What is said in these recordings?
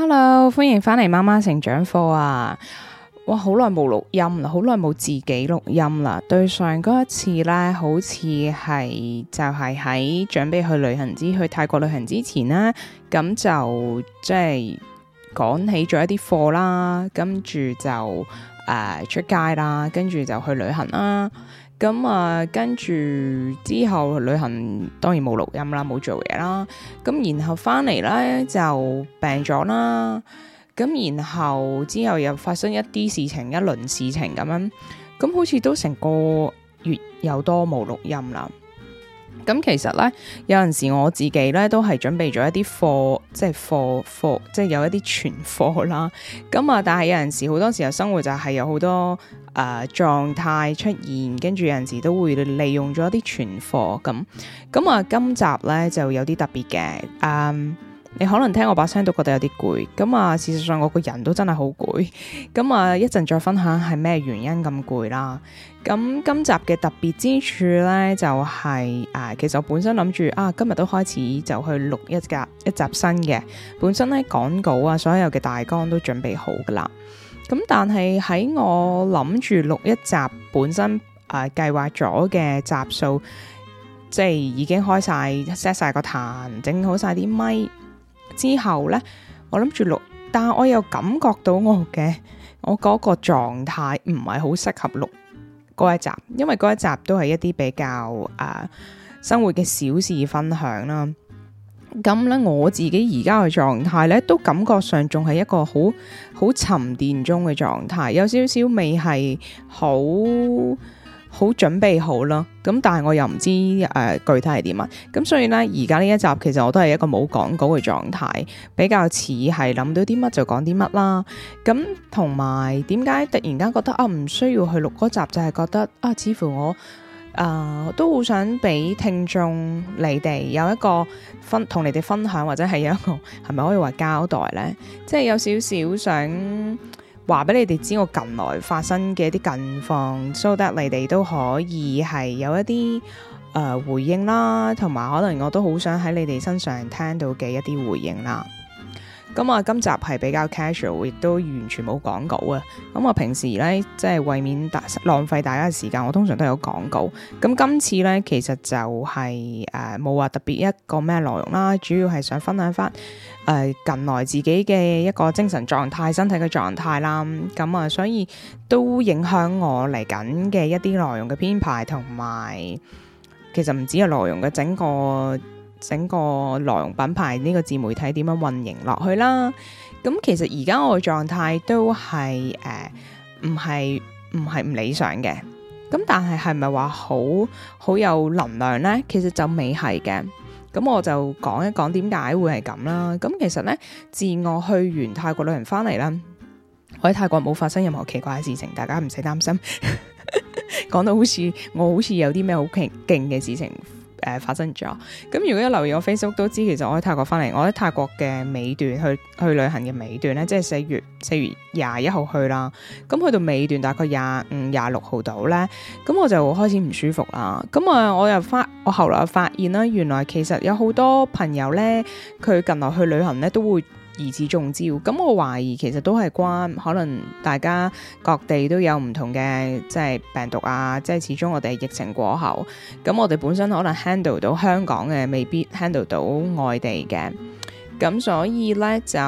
hello，歡迎返嚟媽媽成長課啊！我好耐冇錄音啦，好耐冇自己錄音啦。對上嗰一次呢，好似係就係、是、喺準備去旅行之去泰國旅行之前呢，咁就即係趕起咗一啲課啦，跟住就誒、呃、出街啦，跟住就去旅行啦。咁啊、嗯，跟住之後旅行，當然冇錄音啦，冇做嘢啦。咁然後翻嚟咧就病咗啦。咁然後之後又發生一啲事情，一輪事情咁樣。咁、嗯、好似都成個月有多冇錄音啦。咁其實咧，有陣時我自己咧都係準備咗一啲貨，即係貨貨，即係有一啲存貨啦。咁啊，但係有陣時好多時候生活就係有好多誒、呃、狀態出現，跟住有陣時都會利用咗一啲存貨。咁咁啊，今集咧就有啲特別嘅。嗯、um,。你、欸、可能聽我把聲都覺得有啲攰，咁啊，事實上我個人都真係好攰，咁啊，一陣再分享係咩原因咁攰啦。咁今集嘅特別之處呢，就係、是、誒、啊，其實我本身諗住啊，今日都開始就去錄一集一集新嘅，本身呢，講稿啊，所有嘅大綱都準備好噶啦。咁但係喺我諗住錄一集本身誒計劃咗嘅集數，即係已經開晒 set 晒個壇，整好晒啲咪。之後呢，我諗住錄，但我又感覺到我嘅我嗰個狀態唔係好適合錄嗰一集，因為嗰一集都係一啲比較誒、啊、生活嘅小事分享啦。咁呢，我自己而家嘅狀態呢，都感覺上仲係一個好好沉澱中嘅狀態，有少少未係好。好準備好咯，咁但係我又唔知誒、呃、具體係點啊，咁所以呢，而家呢一集其實我都係一個冇講稿嘅狀態，比較似係諗到啲乜就講啲乜啦，咁同埋點解突然間覺得啊唔需要去錄嗰集，就係、是、覺得啊似乎我啊、呃、都好想俾聽眾你哋有一個分同你哋分享或者係有一個係咪可以話交代呢？即係有少少想。話俾你哋知，我近來發生嘅一啲近況，so that 你哋都可以係有一啲誒、呃、回應啦，同埋可能我都好想喺你哋身上聽到嘅一啲回應啦。咁啊、嗯，今集係比較 casual，亦都完全冇講稿啊！咁、嗯、我平時呢，即係為免大浪費大家嘅時間，我通常都有講稿。咁、嗯、今次呢，其實就係誒冇話特別一個咩內容啦，主要係想分享翻誒、呃、近來自己嘅一個精神狀態、身體嘅狀態啦。咁、嗯、啊、嗯，所以都影響我嚟緊嘅一啲內容嘅編排同埋，其實唔止係內容嘅整個。整個內容品牌呢個自媒體點樣運營落去啦。咁其實而家我嘅狀態都係誒，唔係唔係唔理想嘅。咁但係係咪話好好有能量呢？其實就未係嘅。咁我就講一講點解會係咁啦。咁其實呢，自我去完泰國旅行翻嚟啦，我喺泰國冇發生任何奇怪嘅事情，大家唔使擔心。講 到好似我好似有啲咩好勁勁嘅事情。誒、呃、發生咗咁，如果有留意我 Facebook 都知，其實我喺泰國返嚟，我喺泰國嘅尾段去去旅行嘅尾段咧，即係四月四月廿一號去啦，咁去到尾段大概廿五、廿六號度咧，咁我就開始唔舒服啦。咁啊，我又發，我後來發現啦，原來其實有好多朋友咧，佢近來去旅行咧都會。疑似中招，咁我懷疑其實都係關可能大家各地都有唔同嘅即係病毒啊，即係始終我哋疫情過後，咁我哋本身可能 handle 到香港嘅，未必 handle 到外地嘅，咁所以呢，就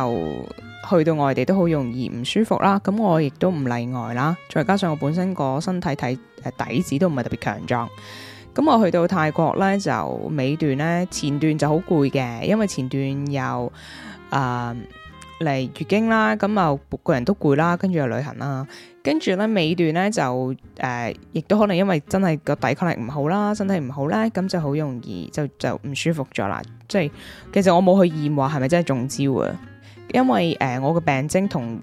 去到外地都好容易唔舒服啦。咁我亦都唔例外啦，再加上我本身個身體體誒、呃、底子都唔係特別強壯，咁我去到泰國呢，就尾段呢，前段就好攰嘅，因為前段又。啊，嚟月經啦，咁又個人都攰啦，跟住又旅行啦，跟住咧尾段咧就誒、呃，亦都可能因為真係個抵抗力唔好啦，身體唔好咧，咁就好容易就就唔舒服咗啦。即係其實我冇去驗話係咪真係中招啊，因為誒、呃、我個病徵同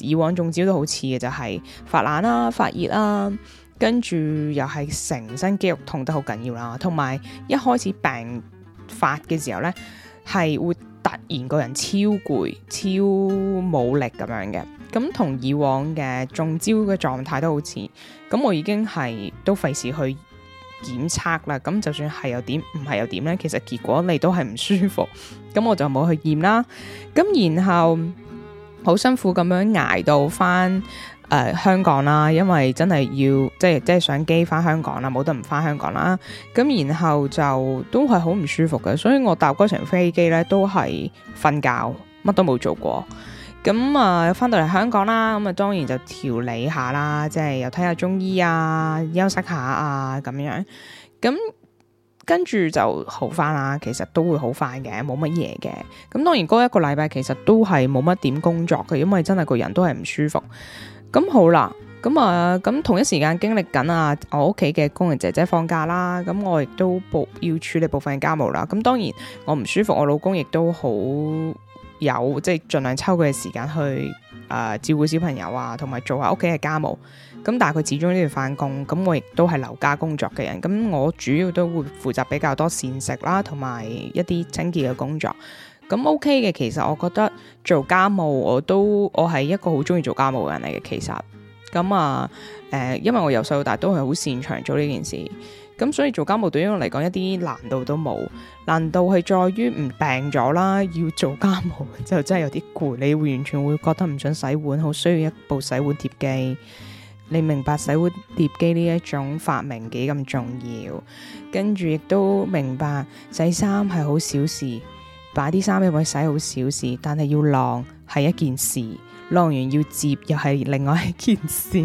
以往中招都好似嘅，就係、是、發冷啦、啊、發熱啦、啊，跟住又係成身肌肉痛得好緊要啦，同埋一開始病發嘅時候咧係會。突然個人超攰、超冇力咁樣嘅，咁同以往嘅中招嘅狀態都好似。咁我已經係都費事去檢測啦。咁就算係又點，唔係又點呢，其實結果你都係唔舒服。咁我就冇去驗啦。咁然後好辛苦咁樣捱到返。誒、呃、香港啦，因為真係要即係即係上機返香港啦，冇得唔返香港啦。咁然後就都係好唔舒服嘅，所以我搭嗰程飛機呢都係瞓覺，乜都冇做過。咁啊，返、呃、到嚟香港啦，咁啊當然就調理下啦，即係又睇下中醫啊，休息下啊咁樣。咁跟住就好返啦，其實都會好返嘅，冇乜嘢嘅。咁當然嗰一個禮拜其實都係冇乜點工作嘅，因為真係個人都係唔舒服。咁、嗯、好啦，咁、嗯、啊，咁、嗯、同一時間經歷緊啊，我屋企嘅工人姐姐放假啦，咁、嗯、我亦都部要處理部分嘅家務啦。咁、嗯、當然我唔舒服，我老公亦都好有即係盡量抽佢嘅時間去誒、呃、照顧小朋友啊，同埋做下屋企嘅家務。咁、嗯、但係佢始終都要返工，咁、嗯、我亦都係留家工作嘅人。咁、嗯、我主要都會負責比較多膳食啦，同埋一啲清潔嘅工作。咁 OK 嘅，其實我覺得做家務我都我係一個好中意做家務嘅人嚟嘅。其實咁啊，誒、呃，因為我由細到大都係好擅長做呢件事，咁所以做家務對於我嚟講一啲難度都冇。難度係在於唔病咗啦，要做家務就真係有啲攰，你會完全會覺得唔想洗碗，好需要一部洗碗碟機。你明白洗碗碟機呢一種發明幾咁重要，跟住亦都明白洗衫係好小事。擺啲衫俾佢洗好小事，但係要晾係一件事，晾完要接又係另外一件事。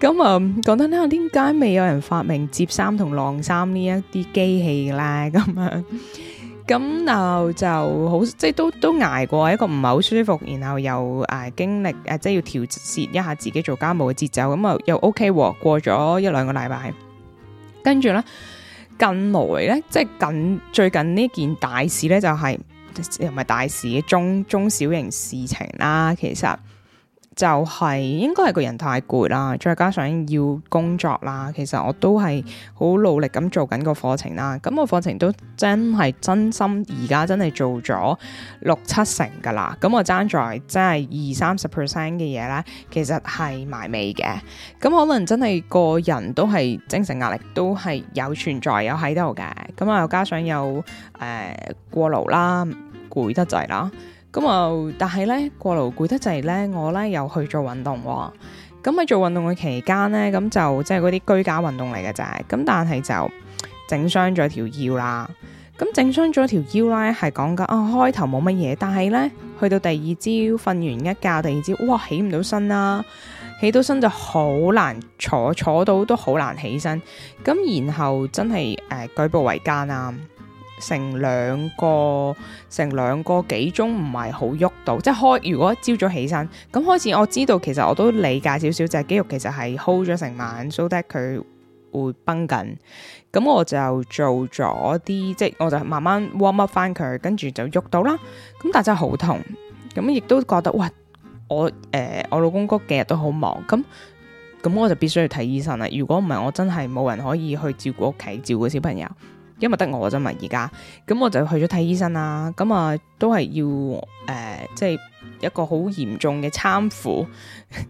咁、嗯、啊，講得呢，下點解未有人發明接衫同晾衫呢一啲機器啦。咁樣咁，然、嗯嗯、就好即係都都捱過一個唔係好舒服，然後又誒、呃、經歷誒、呃、即係要調節一下自己做家務嘅節奏。咁、嗯、啊又 OK，哦、過咗一兩個禮拜。跟住咧，近來咧即係近最近呢件大事咧就係、是。又唔係大事嘅中中小型事情啦，其實就係應該係個人太攰啦，再加上要工作啦，其實我都係好努力咁做緊個課程啦。咁、那個課程都真係真心而家真係做咗六七成噶啦，咁我爭在真係二三十 percent 嘅嘢咧，其實係埋尾嘅。咁可能真係個人都係精神壓力都係有存在有喺度嘅，咁啊又加上有誒、呃、過勞啦。攰得滯啦，咁又、嗯、但係咧過勞攰得滯咧，我咧又去做運動，咁喺、嗯、做運動嘅期間咧，咁、嗯、就即係嗰啲居家運動嚟嘅啫，咁但係就整傷咗條腰啦，咁整傷咗條腰咧係講緊啊開頭冇乜嘢，但係咧、嗯哦、去到第二朝瞓完一覺，第二朝哇起唔到身啦、啊，起到身就好難坐，坐到都好難起身，咁、嗯、然後真係誒、呃、舉步維艱啊！成兩個，成兩個幾鐘唔係好喐到，即係開。如果朝早起身咁開始，我知道其實我都理解少少，即、就是、肌肉其實係 hold 咗成晚，so that 佢會繃緊。咁我就做咗啲，即係我就慢慢 warm up 返佢，跟住就喐到啦。咁但真係好痛，咁亦都覺得哇，我誒、呃、我老公嗰幾日都好忙，咁咁我就必須去睇醫生啦。如果唔係，我真係冇人可以去照顧屋企，照顧小朋友。因為得我嘅啫嘛，而家咁我就去咗睇醫生啦。咁啊，都係要誒、呃，即係一個好嚴重嘅攙扶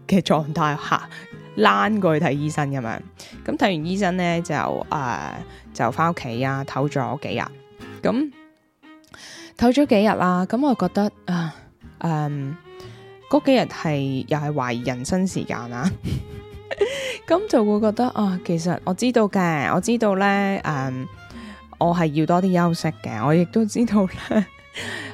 嘅狀態下，躝過去睇醫生咁樣。咁睇完醫生咧，就誒、呃、就返屋企啊，唞咗幾日。咁唞咗幾日啦，咁我覺得啊，誒嗰、嗯、幾日係又係懷疑人生時間啦。咁 就會覺得啊，其實我知道嘅，我知道咧，誒、嗯。我係要多啲休息嘅，我亦都知道咧，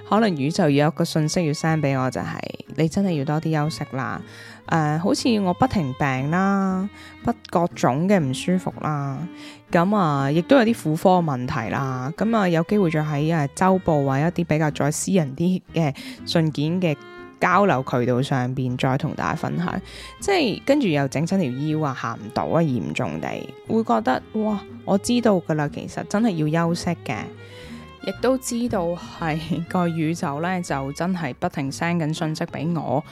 可能宇宙要有一個信息，要 send 俾我，就係、是、你真係要多啲休息啦。誒、呃，好似我不停病啦，不各種嘅唔舒服啦，咁啊，亦都有啲婦科問題啦，咁啊，有機會再喺誒周報或一啲比較再私人啲嘅信件嘅，交流渠道上邊再同大家分享，即係跟住又整親條腰啊，行唔到啊，嚴重地會覺得哇，我知道噶啦，其實真係要休息嘅，亦都知道係個宇宙咧，就真係不停 send 緊信息俾我，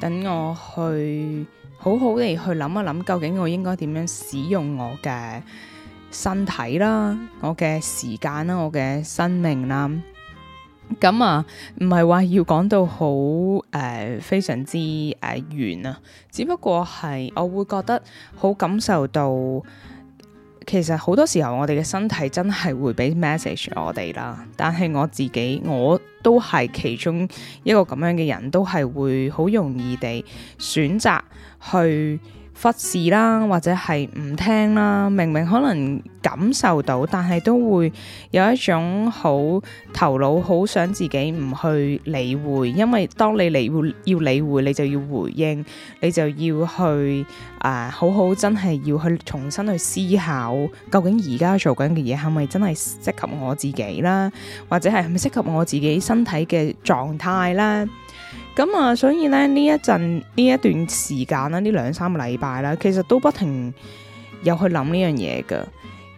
等我去好好地去諗一諗，究竟我應該點樣使用我嘅身體啦，我嘅時間啦，我嘅生命啦。咁啊，唔係話要講到好誒、呃，非常之誒遠啊，只不過係我會覺得好感受到，其實好多時候我哋嘅身體真係會俾 message 我哋啦。但係我自己，我都係其中一個咁樣嘅人，都係會好容易地選擇去。忽視啦，或者係唔聽啦，明明可能感受到，但係都會有一種好頭腦，好想自己唔去理會，因為當你理會要理會，你就要回應，你就要去啊、呃，好好真係要去重新去思考，究竟而家做緊嘅嘢係咪真係適合我自己啦，或者係係咪適合我自己身體嘅狀態啦？咁啊，所以咧，呢一陣，呢一段時間啦，呢兩三個禮拜啦，其實都不停有去諗呢樣嘢嘅。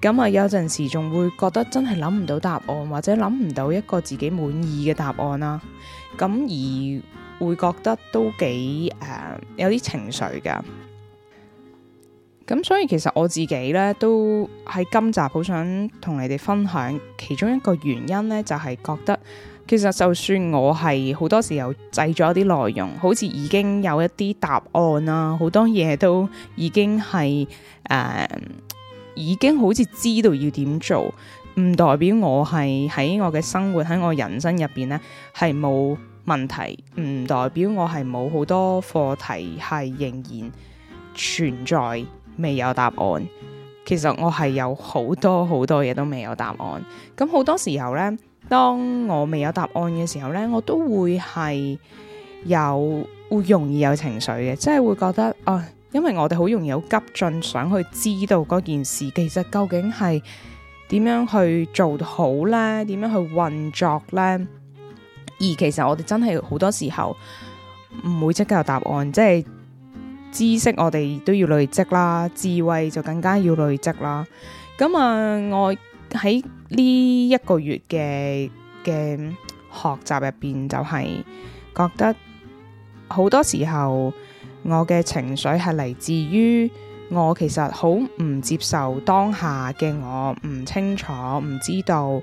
咁啊，有陣時仲會覺得真係諗唔到答案，或者諗唔到一個自己滿意嘅答案啦。咁而會覺得都幾誒、uh, 有啲情緒嘅。咁所以其實我自己咧，都喺今集好想同你哋分享，其中一個原因咧，就係覺得。其實就算我係好多時候製咗啲內容，好似已經有一啲答案啦，啊，好多嘢都已經係誒、呃，已經好似知道要點做，唔代表我係喺我嘅生活喺我人生入邊呢係冇問題，唔代表我係冇好多課題係仍然存在未有答案。其實我係有好多好多嘢都未有答案，咁好多時候呢。當我未有答案嘅時候呢，我都會係有會容易有情緒嘅，即係會覺得啊，因為我哋好容易有急進，想去知道嗰件事，其實究竟係點樣去做好呢？點樣去運作呢？而其實我哋真係好多時候唔會即刻有答案，即係知識我哋都要累積啦，智慧就更加要累積啦。咁啊，我。喺呢一個月嘅嘅學習入邊，就係覺得好多時候我嘅情緒係嚟自於我其實好唔接受當下嘅我，唔清楚，唔知道，唔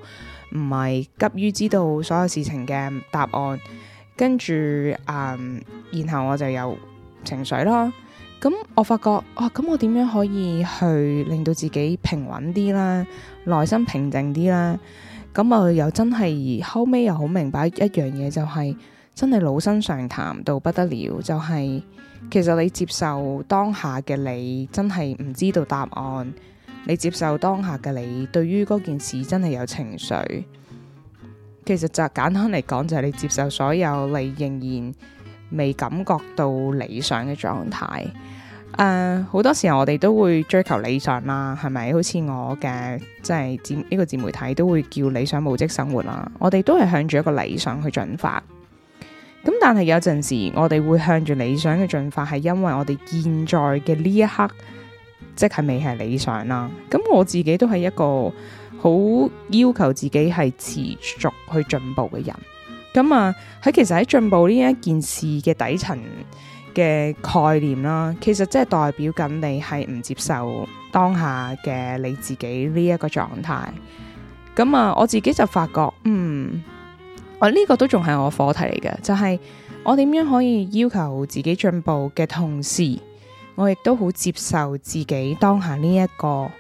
係急於知道所有事情嘅答案，跟住嗯，然後我就有情緒咯。咁我發覺啊，咁我點樣可以去令到自己平穩啲啦，內心平靜啲啦？咁啊，又真係後尾又好明白一樣嘢，就係真係老生常談到不得了，就係其實你接受當下嘅你，真係唔知道答案。你接受當下嘅你，對於嗰件事真係有情緒。其實就簡單嚟講，就係你接受所有，你仍然。未感覺到理想嘅狀態，誒，好多時候我哋都會追求理想啦，係咪？好似我嘅即係呢個自媒體都會叫理想母職生活啦，我哋都係向住一個理想去進發。咁但係有陣時我哋會向住理想去進發，係因為我哋現在嘅呢一刻即係未係理想啦。咁我自己都係一個好要求自己係持續去進步嘅人。咁啊，喺其實喺進步呢一件事嘅底層嘅概念啦，其實即係代表緊你係唔接受當下嘅你自己呢一個狀態。咁、嗯、啊，我自己就發覺，嗯，啊這個、我呢個都仲係我課題嚟嘅，就係、是、我點樣可以要求自己進步嘅同時，我亦都好接受自己當下呢一個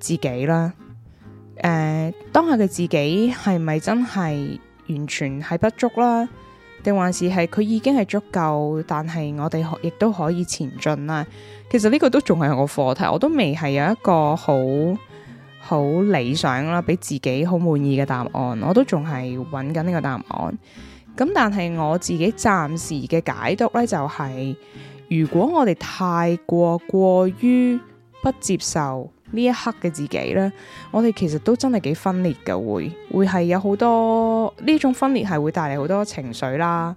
自己啦。誒、呃，當下嘅自己係咪真係？完全係不足啦，定還是係佢已經係足夠，但係我哋可亦都可以前進啦。其實呢個都仲係我課題，我都未係有一個好好理想啦，俾自己好滿意嘅答案。我都仲係揾緊呢個答案。咁但係我自己暫時嘅解讀呢，就是，就係如果我哋太過過於不接受。呢一刻嘅自己咧，我哋其實都真係幾分裂嘅，會會係有好多呢種分裂係會帶嚟好多情緒啦，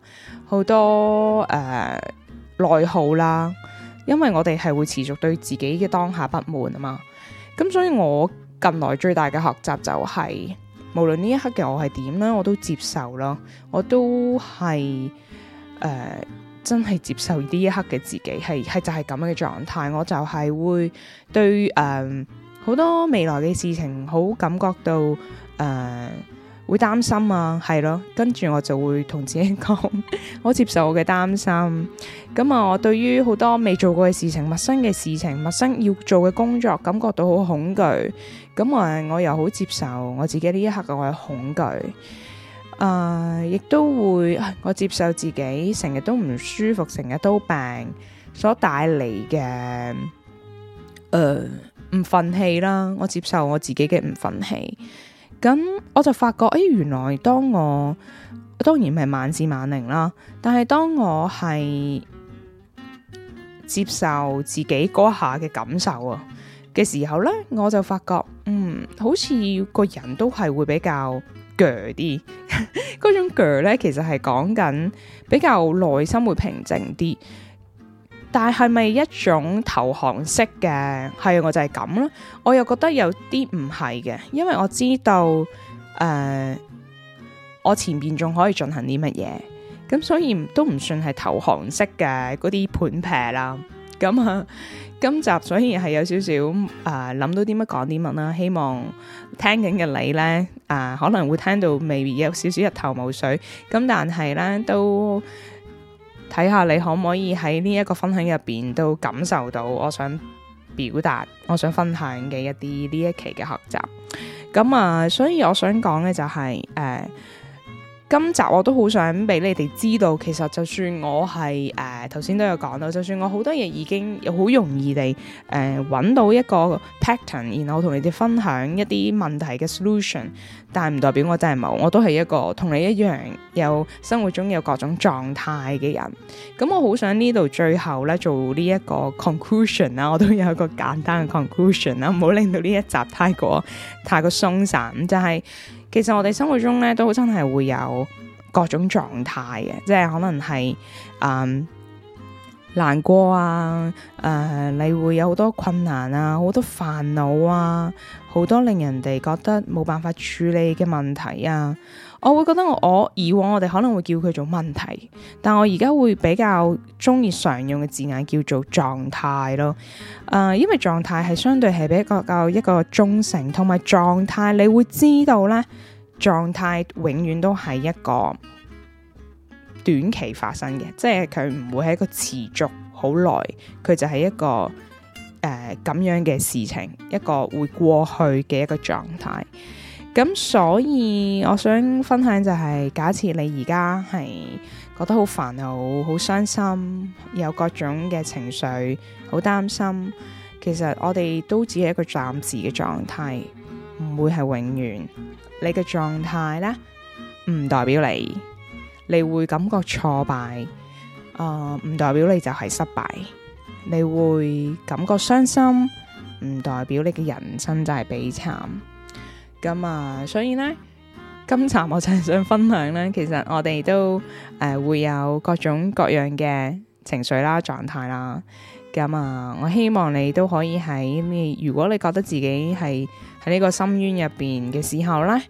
好多誒內耗啦，因為我哋係會持續對自己嘅當下不滿啊嘛，咁所以我近來最大嘅學習就係無論呢一刻嘅我係點咧，我都接受咯，我都係誒呃真係接受呢一刻嘅自己，係係就係咁嘅狀態。我就係會對誒呃、好多未來嘅事情好感覺到誒、呃、會擔心啊，係咯。跟住我就會同自己講， 我接受我嘅擔心。咁、嗯、啊，我對於好多未做過嘅事情、陌生嘅事情、陌生要做嘅工作，感覺到好恐懼。咁、嗯、啊，我又好接受我自己呢一刻嘅我嘅恐懼。誒，亦、uh，都會我接受自己成日都唔舒服，成日都病所帶嚟嘅誒唔忿氣啦。我接受我自己嘅唔忿氣，咁我就發覺，誒，原來當我當然唔係萬試萬靈啦，但係當我係接受自己嗰下嘅感受啊嘅時候咧，我就發覺，嗯，好似個人都係會比較。鋸啲嗰種鋸咧，其實係講緊比較內心會平靜啲，但係咪一種投降式嘅？係，我就係咁囉，我又覺得有啲唔係嘅，因為我知道誒、呃，我前面仲可以進行啲乜嘢，咁所以都唔算係投降式嘅嗰啲盤劈啦。咁啊、嗯，今集雖然係有少少啊諗到啲乜講啲乜啦。希望聽緊嘅你呢，啊、呃，可能會聽到，未必有少少一點點一頭霧水。咁、嗯、但係呢，都睇下你可唔可以喺呢一個分享入邊都感受到，我想表達我想分享嘅一啲呢一期嘅學習。咁、嗯、啊、嗯，所以我想講嘅就係、是、誒。呃今集我都好想俾你哋知道，其實就算我係誒頭先都有講到，就算我好多嘢已經好容易地誒揾，呃，到一個 pattern，然後同你哋分享一啲問題嘅 solution，但係唔代表我真係冇，我都係一個同你一樣有生活中有各種狀態嘅人。咁我好想呢度最後咧做呢一個 conclusion 啦，我都有一個簡單嘅 conclusion 啦，唔好令到呢一集太過太過鬆散，就係。其實我哋生活中咧都真係會有各種狀態嘅，即係可能係嗯難過啊，誒、呃、你會有好多困難啊，好多煩惱啊，好多令人哋覺得冇辦法處理嘅問題啊。我會覺得我，我以往我哋可能會叫佢做問題，但我而家會比較中意常用嘅字眼叫做狀態咯。誒、呃，因為狀態係相對係比較夠一個中性，同埋狀態你會知道呢，狀態永遠都係一個短期發生嘅，即係佢唔會係一個持續好耐，佢就係一個誒咁、呃、樣嘅事情，一個會過去嘅一個狀態。咁所以我想分享就係、是、假設你而家係覺得好煩又好傷心，有各種嘅情緒，好擔心。其實我哋都只係一個暫時嘅狀態，唔會係永遠。你嘅狀態咧，唔代表你，你會感覺挫敗，誒、呃，唔代表你就係失敗。你會感覺傷心，唔代表你嘅人生就係悲慘。咁啊、嗯，所以呢，今集我就係想分享呢。其實我哋都誒、呃、會有各種各樣嘅情緒啦、狀態啦。咁、嗯、啊，我、嗯嗯、希望你都可以喺你，如果你覺得自己係喺呢個深淵入邊嘅時候呢，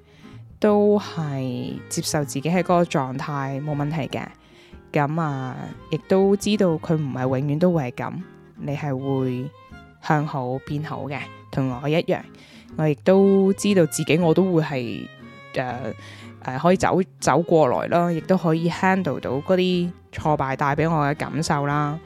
都係接受自己喺嗰個狀態冇問題嘅。咁、嗯、啊，亦、嗯、都知道佢唔係永遠都會係咁，你係會向好變好嘅，同我一樣。我亦都知道自己，我都會係誒誒，可以走走過來啦，亦都可以 handle 到嗰啲挫敗帶俾我嘅感受啦。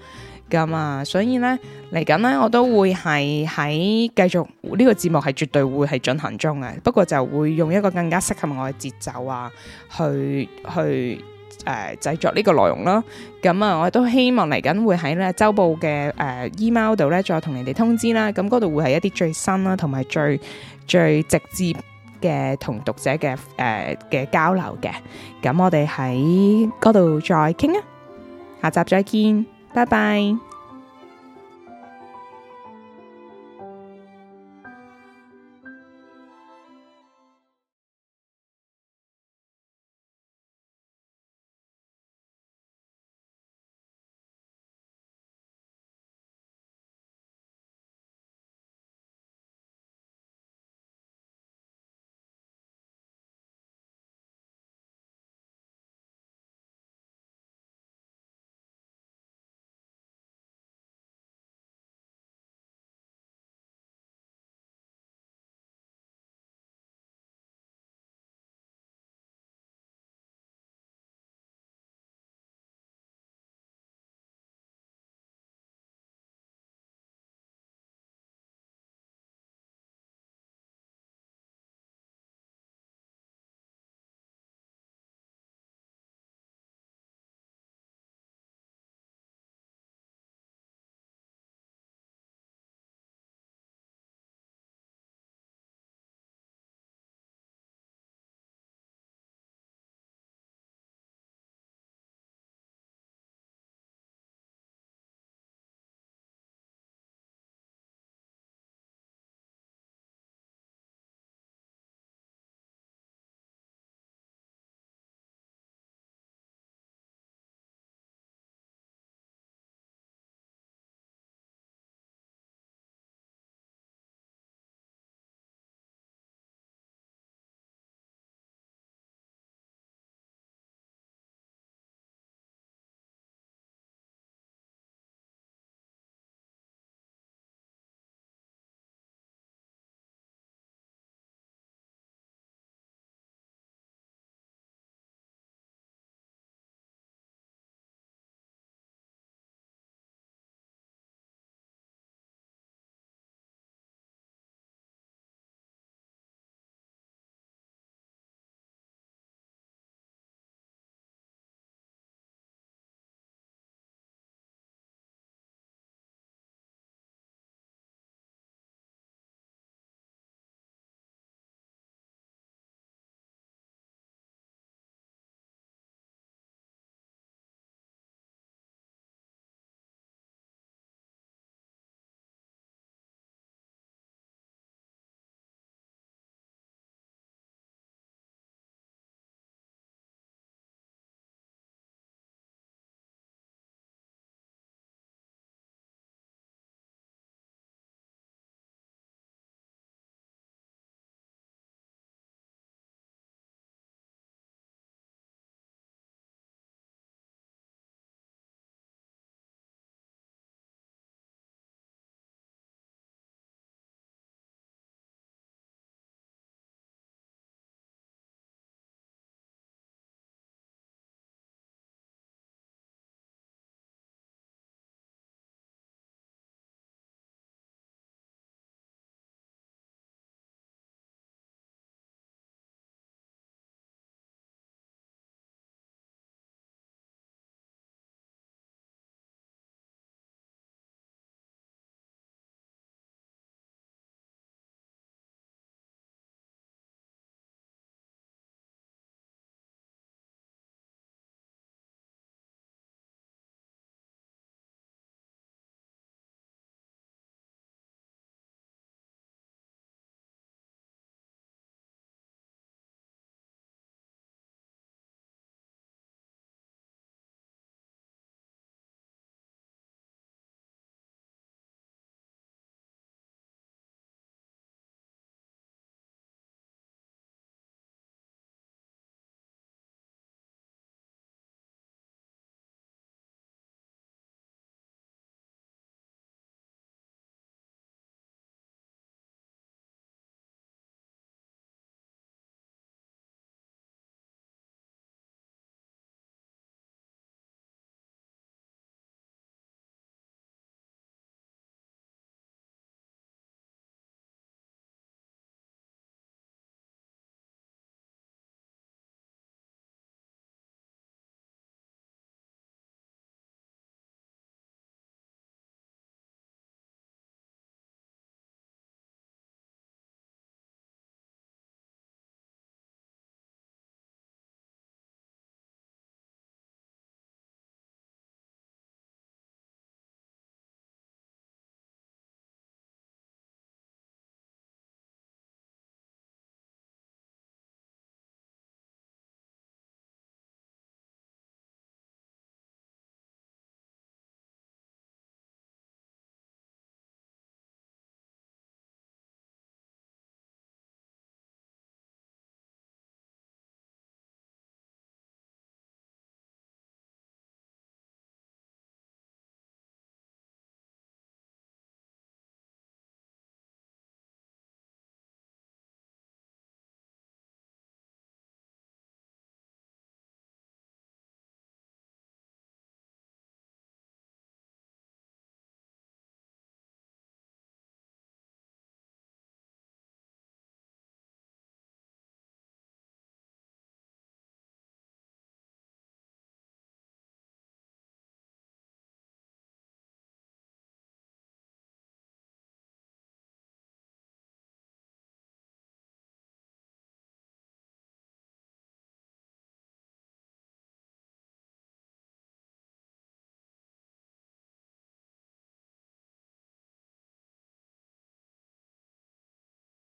咁、嗯、啊，所以呢，嚟緊呢，我都會係喺繼續呢、呢個節目係絕對會係進行中嘅，不過就會用一個更加適合我嘅節奏啊，去去。誒，製作呢個內容咯，咁啊，我亦都希望嚟緊會喺呢週報嘅誒 E-mail 度咧，再同你哋通知啦。咁嗰度會係一啲最新啦，同埋最最直接嘅同讀者嘅誒嘅交流嘅。咁我哋喺嗰度再傾啊，下集再見，拜拜。